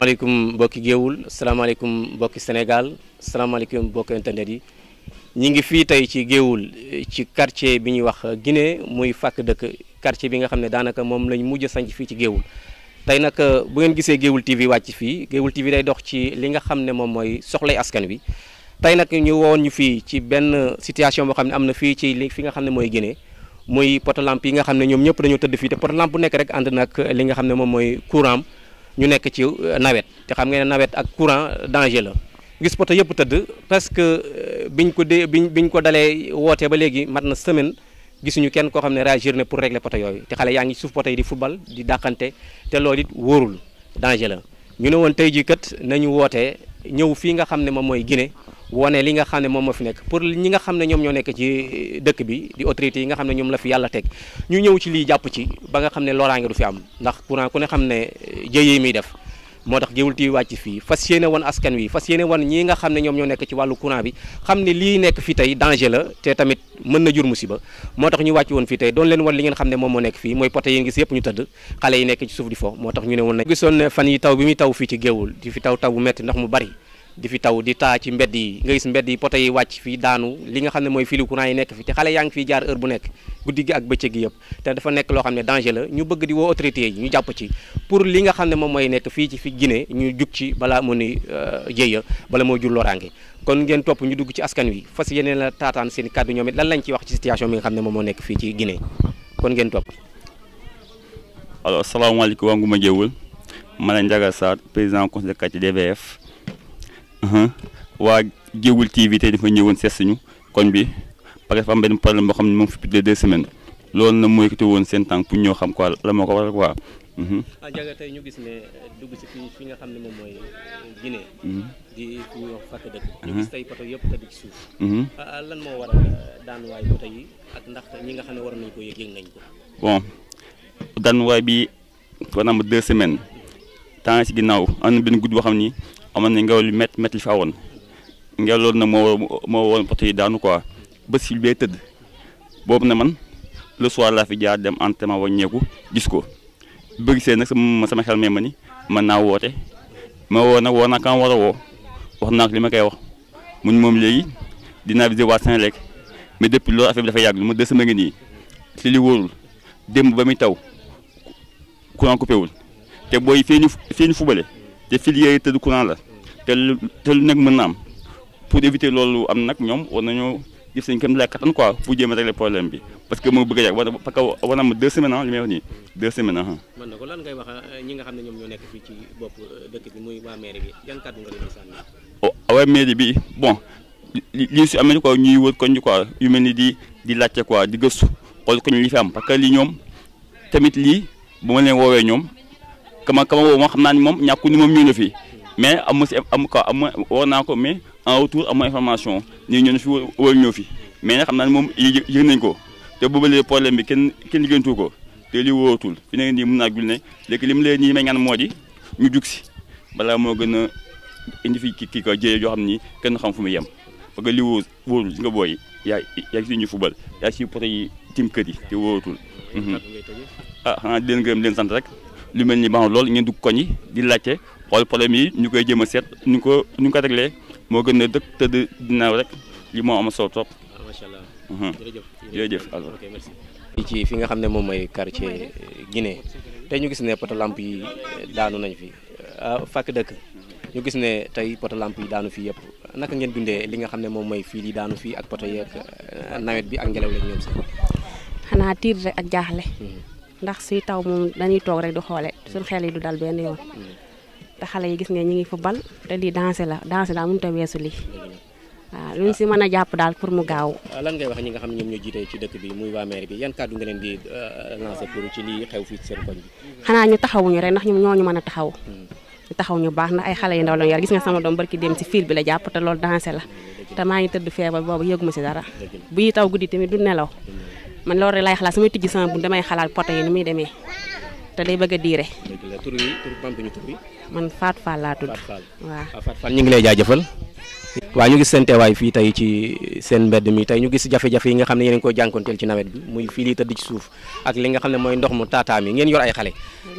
asalaamaaleykum mbokki géewul asalaamaaleykum mbokki Sénégal asalaamaaleykum mbokki internet yi ñu ngi fii tey ci géewul ci quartier bi ñuy wax Guinée muy fàkk dëkk quartier bi nga xam ne daanaka moom lañ mujj sanc fii ci géewul tey nag euh, bu ngeen gisee géewul TV wàcc fii géewul TV day dox ci li nga xam ne moom mooy soxlay askan wi tey nag ñu woon ñu fii ci benn situation boo xam ne am na fii ci li fi nga xam ne mooy Guinée muy poto lampe yi nga xam ne ñoom ñëpp dañoo tëdd fii te poto lampe bu nekk rek ànd na li nga xam ne moom mooy courant ñu nekk ci euh, nawet te xam ngeen ne nawet ak courant euh, danger la gis poto yëpp tëdd parce presque euh, biñ ko dee biñ biñ ko dalee wootee ba léegi mat na semaine gisuñu kenn koo xam ne réagir na pour régler poto yooyu te xale yaa ngi suuf poto yi di football di dàqante te loolu it wóorul danger la ñu ne woon tey jii kat nañu wootee ñëw fii nga xam ne moom mooy Guinée wone li nga xam ne moom moo fi nekk pour ñi nga xam ne ñoom ñoo nekk ci euh, dëkk bi di autorités yi nga xam ne ñoom la fi yàlla teg ñu ñëw ci lii jàpp ci ba nga xam ne loraange du fi am ndax courant xam ne euh, jëye yi muy def fii fas yéene woon askan wi fas yéene woon ne ñoom ñoo nekk ci wàllu courant bi xam ne lii nekk fi tey danger la te tamit mën na jur musiba moo tax ñu wàcc woon fii tey doon leen wan li ngeen xam ne moom moo nekk fii mooy poté yi ngis yëpp ñu tëdd xale yi nekk ci suuf di fo moo tax ñu ne woon na fi taw taw bu metti ndax mu bari di fi taw di taa ci mbedd yi nga gis mbedd yi poto wàcc fii daanu li nga xam ne mooy fili courant yi nekk fi te xale yaa ngi fiy jaar heure bu nekk guddi gi ak bëccëg gi yëpp te dafa nekk loo xam ne danger la ñu bëgg di oo autorité yi ñu jàpp ci pour li nga xam ne moom mooy nekk fii ci fi Guinée ñu jug ci balaa mu ni euh, jéya bala moo jur loraange kon ngeen topp ñu dugg ci askan wi fas yeneen la taataan seen kàddu ñoom it lan lañ ci wax ci situation bi nga xam ne moom moo nekk fii ci Guinée kon ngeen topp alors asalaamaaleykum waa Ngouma Jéewul ma président conseil Mhm. waa Géoul TV tey dafa ñëwoon seet suñu koñ bi parce que dafa am benn problème boo xam ne moom fi plus de deux semaines loolu nag mooy yëkkati woon seen tànk pour ñoo xam quoi la moo ko waral quoi. Mhm. ah Diaga tey ñu gis ne euh, dugg si fi nga xam ne moom mooy euh, Guinée. Mhm. di fi ñuy wax fàkk dëkk. ñu gis tey poto yëpp tëdd ci suuf. Ah, ah, lan moo waral euh, daanuwaay poto yi ak ndax ñi nga xam ne war nañ ko yëg yëg nañ ko. bon daanuwaay bi war na am deux semaines temps si ginnaaw am na benn guddi boo xam ni. amoon na ngelaw li met métti li fi awoon ngelaw loolu nag moo moo woon poto yi daanu ko ba si bee tëdd boobu ne man le soir laa fi jaar dem entraînement waññeeku gis ko bëgg see nag sama sama xel mee ma ni mën naa woote ma woo nag woo naa kan war a woo wax naa li ma koy wax mun moom léegi dinaa visé waa Senelec mais depuis loolu affaire dafa yàgg lu ma deux ngi nii si li wóorul démb ba muy taw courant coupé wul te booy fii ñu fubale te filière du courant là te lu nek lu am pour éviter lolu am nak ñom war nañoo def seen këm lay kattan quoi pour jéem régler problème bi parce que mo bëgg jax parce que war na am deux semaines ah li may wax nii deux semaines ah. mën na lan ngay wax euh, ñi nga xam ñom ñoo nek fi ci bop euh, dëkk bi muy wa mairie bi yan kàddu nga leen di oh waa mairie bi bon li ci amé amee quoi ñuy wër koñ quoi yu melni di di laccé quoi di gëstu xool koñ li fi am parce que li ñom tamit li buma ma leen woowee ñoom. kama kama boobu moom xam naa ni moom ñàkku ni moom ñëw na fi mais amu si am quoi am war naa ko mais en retour amu information ñii ñëw na fi wala ñëw fi mais nag xam naa ni moom yëg nañ ko te boobu léegi problème bi kenn kenn liggéentu ko te li wóoratul fi ne nii mun naa gul ne léegi li mu leen nii may ñaan moo di ñu jug si balaa moo gën a indi fi kii kii quoi jëye yoo xam ni kenn xam fu muy yem parce que li wóor wóorul si nga booy yaa yaa si ñu fubal yaa si poto yi tim kër yi te wóoratul mhm. ah xanaa di leen gërëm di leen sant rek lu mel ni ban lool ngeen dugg koñ di laajte xool problème yi ñu koy jéem a seet ñu ko ñu ko réglé moo gën a dëkk tëdd dinaaw rek li moo am solo trop. Ah, macha jëf jërëjëf jërëjëf alors ci fi nga xam ne moom mooy quartier eh, Guinée tey ñu gis ne poto lamp yi eh, daanu nañ fi ah, fàkk dëkk ñu gis ne tey poto lamp yi daanu fii yëpp naka ngeen dundee li nga xam ne moom mooy fii li daanu fii ak poto yeeg eh, nawet bi ak ngelaw la ñoom sax. ndax si taw moom dañuy toog rek di xoole suñ xel yi du dal benn yoon te xale yi gis nga ñu ngi fa bal te lii danser la danser daal mënut a weesu li waaw luñ si mën a jàpp daal pour mu gaaw ah, lan ngay wax ñi nga xam ñoom ñoo jiite ci dëkk bi muy waa maire bi yan kàddu nga leen di euh, lancer pour ci li xew fii ci seen koñ bi xanaa ñu taxawuñu rek ndax ñoom ñoo ñu mën a taxaw hmm. ñu taxaw ñu baax ndax ay xale yi ndaw lañu yar gis nga sama doom barki dem ci fil bi la jàpp te loolu danser la hmm. te maa ngi tëdd feebar boobu yëguma si dara bu yi taw guddi tamit du nelaw man loolu rek laay xalaat su may tijji sama bunt damay xalaat poto yi ni muy demee te day bëgg a diire. tur bi tur bambuñu tur bi. man Fatou Fall laa tudd. Ah, ñu ngi lay jëfal waa ñu gis seen teewaay fii tey ci seen mbedd mi tey ñu gis jafe-jafe yi nga xam ne yéen a ngi koy jànkonteel ci nawet bi muy fii lii tëdd ci suuf ak li nga xam ne mooy ndox mu taataa mi ngeen yor ay xale.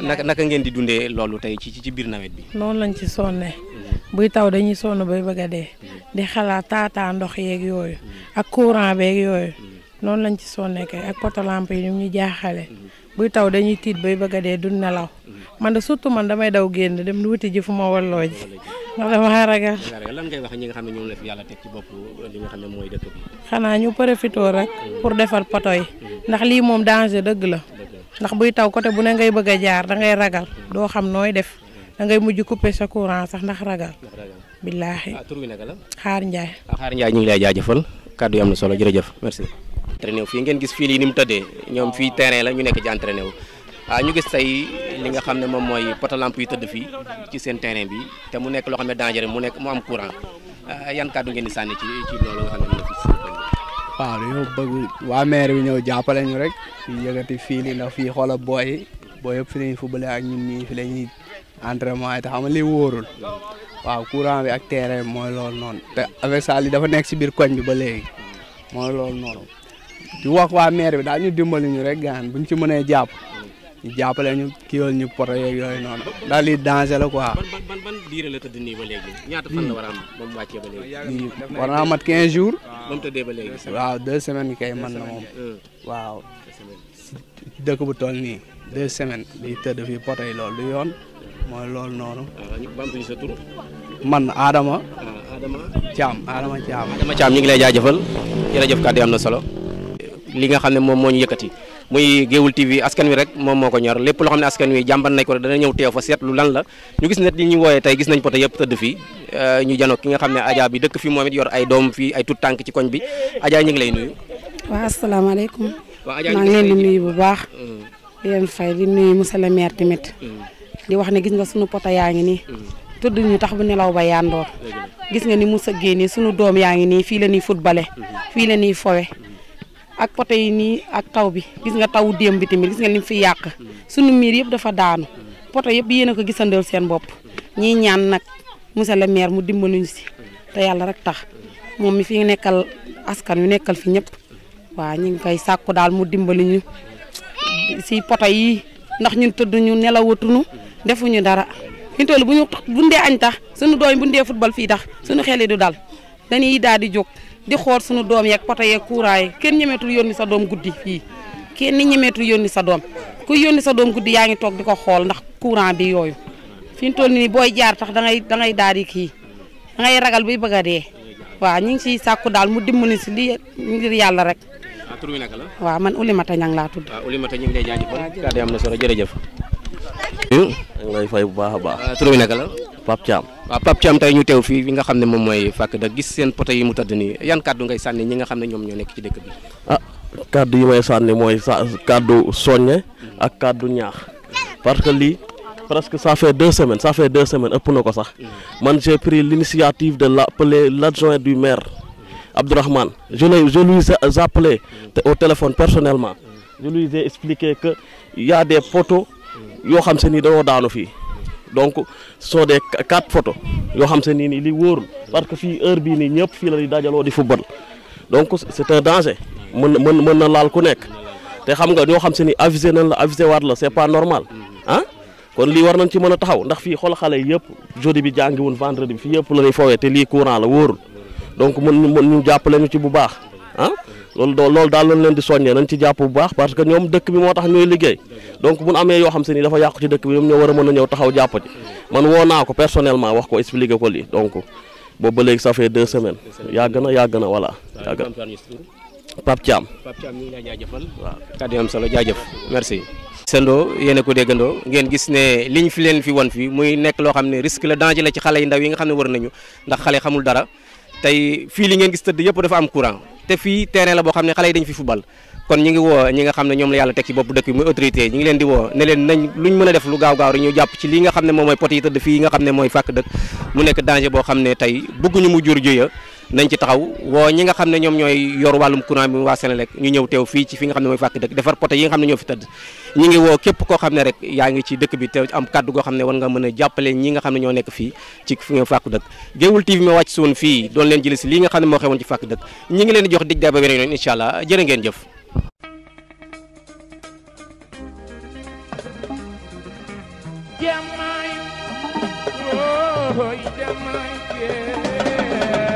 naka naka ngeen di dundee loolu tey ci ci biir nawet bi. noonu lañ ci sonne mhm. buy taw dañuy sonn bay bëgg a dee. Mhm. di xalaat taataa ndox yeeg yooyu. ak courant beeg yooyu. Mhm. non lañ ci sonnee kay ak porte lampe ñu ñu jaaxale buy taw dañuy tit bay bëgg dé du nelaw man de surtout man damay daw genn dem wuti ji fu ma walloo ji ndax dama ragal lan ngay wax ñi nga xam ne ñoom la fi yàlla teg ci bop li nga xam moy dëkk bi xana ñu profito rek pour défar poto yi ndax li mom danger deug la ndax buy taw côté bu ne ngay bëgg jaar da ngay ragal do xam noy def da ngay mujj couper sa courant sax ndax ragal billaahi ah, tur wi naka la xaar njaay ah, xaar njaay ñi ngi lay jaajeufal kaddu yi na solo jërëjëf merci entraîner wu fii ngeen gis fi li ni mu ñom fi terrain la ñu nekk ci entraîner wu waaw ah, ñu gis tay li nga xam mom moy mooy lampe yu tëdd fi ci sen terrain bi te mu nekk lo xam danger mu nekk mu am courant ah, yan kaddu ngeen di sanni ci ci lolu nga xam fi waaw dañoo bëgg wa maire bi ñew jàppale ñu rek fi yëkkati fi li na fi xoola boy boy booy yëpp fi lañuy footballé ak ñun ñii fi lañuy entraînement yi te xam nga lii waaw courant bi ak terrain moy lool non noonu te avec ça li dafa nek ci bir koñ bi ba légui moy lool non di wax waa maire bi daal ñu dimbali ñu rek gaan buñ ci mënee jàpp ñu jàppale ñu kiiwal ñu poto yeeg yooyu noonu daal lii danger la quoi. ban ban ban la tëdd nii ba léegi. ñaata fan la war a am ba mu wàccee ba léegi. mat 15 jours. ba mu tëddee ba léegi. waaw deux semaines kay mën na moom. waaw dëkk bu toll nii deux semaines di tëdd fii poto yi loolu du yoon mooy loolu noonu. Ah, bamtuñu sa tur. man Adama. Ah, Adama Thiam Adama Thiam. Adama Thiam ñu ngi lay jaajëfal jërëjëf kàddu yi na solo. li nga xam ne moom moo ñu yëkkati muy Géoul TV askan wi rek moom moo ko ñor lépp loo xam ne askan wi jàmbat nañ ko rek dana ñëw teew fa seetlu lan la ñu gis ne li ñu wooyee tey gis nañ poté yëpp fii euh, ñu jano ki nga xam ne Adja bi dëkk fi moom it yor ay doom fii ay tànk ci koñ bi Adja ñu ngi lay nuyu waaw asalaamaaleykum maa ngi leen di nuyu bu baax mm. di leen fay le maire tamit mm. di wax ne gis nga suñu poto yaa ngi nii mm. tudd ñu tax bu nelaw ba yandoor gis nga ni mu sëggee nii suñu doom yaa ngi nii fii la ñuy footballé mm-hmm. fii la ñuy fowe ak poté yi nii ak taw bi gis nga taw dem bi timi gis nga lim fi yak sunu mir yeb dafa daanu poté yeb yéen ko gisandal sen bop ñi ñaan nak monsieur le maire mu ñu ci te yalla rek tax mom mi fi nekkal askan yu nekkal fi ñep wa ñi ngi koy sakku dal mu ñu si poté yi ndax ñun ñu nelawatuñu defuñu dara ñu tollu bu ñu bundee añ tax sunu doy bu football fi tax sunu xel du dal dañuy daal di jog di xool sunu doom yeeg poto yeeg kuuraay kenn ñemeetul yónni sa doom guddi fii kenn ñemeetul yónni sa doom ku yónni sa doom guddi yaa ngi toog di ko xool ndax courant bi yooyu fi ñu toll nii booy jaar tax da ngay da ngay daal di kii da ragal bi bëgg dee waaw ñu ngi ciy sàkku daal mu dimbali si lii li ngir yàlla rek. waaw ah, tur wi naka waaw man Oulimata Niang laa tudd. waaw ah, Oulimata ñu ngi lay jaajëfal. waaw jërëjëf am na solo jërëjëf. ñu ngi baax a baax. Ah, tur wi naka la. Pape Thiam waaw Pape Thiam ñu teew fii fi nga xam ne moom mooy fàkk da gis seen poto yi mu tëdd nii yan kàddu ngay sànni ñi nga xam ne ñoom ñoo nekk ci dëkk bi ah kàddu yi may sànni mooy sa kàddu soññe ak kàddu ñaax parce que lii presque ça fait deux semaines ça fait deux semaines ëpp na ko sax mm. man j'ai pris l'initiative de l'appeler l'adjoint du maire Abdourahmane je l'ai je lui ai appelé au téléphone personnellement mm. je lui ai expliqué que y a ni dañoo fii donc so de quatre photos yo xam se ni nii li woor parce que fi heure bi ni ñepp fi la di dajalo di football donc c'est un danger mën mën mën na laal ku nekk té xam nga ñoo xam se ni avisé nañ la avisé waat la c'est pas normal hein ah? kon li war nañ ci mëna taxaw ndax fi xol xalé yépp jodi bi jangi jàngiwun vendredi fi yépp la ni fowé té li courant la woor donc mën mën ñu japp lañu ci bu baax ah loolu loolu dal lañ leen di soñé nañ ci japp bu baax parce que ñom dëkk bi moo tax ñuy liggéey donc bu ñu amee yoo xam se ni dafa yàqu ci dëkk bi ñoom ñoo war a mën a ñëw taxaw jàpp man woo ko personnellement wax ko expliquer ko lii donc boobu ba léegi ça fait deux semaines yàgg na yàgg na voilà yàgg na Pape Thiam Pape ngi lay jaajëfal waaw kàddu am solo jaajëf merci sendoo yéen a ko déggandoo ngeen gis ne liñ fi leen fi won fi muy nekk loo xam ne risque la danger la ci xale yi ndaw yi nga xam ne war nañu ndax xale xamul dara tey fii li ngeen gis tëdd yëpp dafa am courant te fi terrain la boo xam ne xale yi dañu fi football kon ñi ngi woo ñi nga xam ne ñoom la yàlla teg ci bopp dëkk bi muy autorité ñi ngi leen di woo ne leen nañ luñ mën a def lu gaaw gaaw rek ñu jàpp ci lii nga xam ne moom mooy pot yi tëdd fii nga xam ne mooy fàkk dëkk mu nekk danger boo xam ne tey bëgguñu mu jur jëya nañ ci taxaw wo ñi nga xamne ñom ñoy yor walum courant bi wa senelek ñu ñew teew fi ci fi nga xamne moy fakk dekk defar poté yi nga xamne ne ñoo fi ñi ngi wo kep ko xamne rek yaa ngi ci dekk bi te am kaddu go xamne won nga mëna jappalé ñi nga xamne ne ñoo nekk fii ci fi nga fakk dekk geewul TV mi wacc si woon doon leen jël ci li nga xamne mo xewon ci fakk dekk ñi ngi leen jox dig daay ba beneen inshallah jëre allah ngeen jëf oh, Yeah, my, oh, yeah, my, yeah.